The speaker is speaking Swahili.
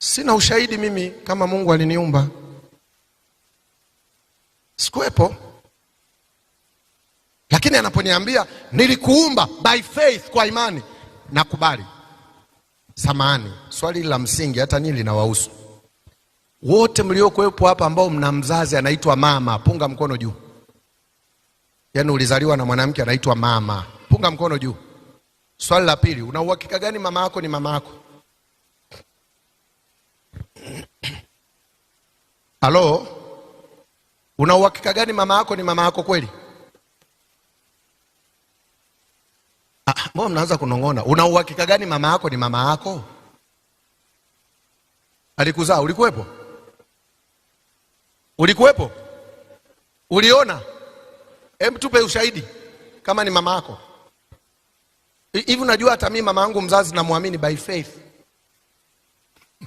Sina ushahidi mimi kama Mungu aliniumba. Sikuwepo. Lakini anaponiambia nilikuumba by faith, kwa imani, nakubali. samani swali la msingi hata nini linawahusu wote mliokuwepo hapa ambao mna mzazi anaitwa mama, punga mkono juu. Yaani ulizaliwa na mwanamke anaitwa mama, punga mkono juu. Swali la pili, una uhakika gani mama yako ni mama yako? Halo, una uhakika gani mama yako ni mama yako kweli? Ah, mbona mnaanza kunong'ona? Una uhakika gani mama yako ni mama yako? Alikuzaa, ulikuwepo? Ulikuwepo? Uliona? Hem, tupe ushahidi kama ni mama yako. Hivi unajua hata mimi mama yangu mzazi namwamini by faith.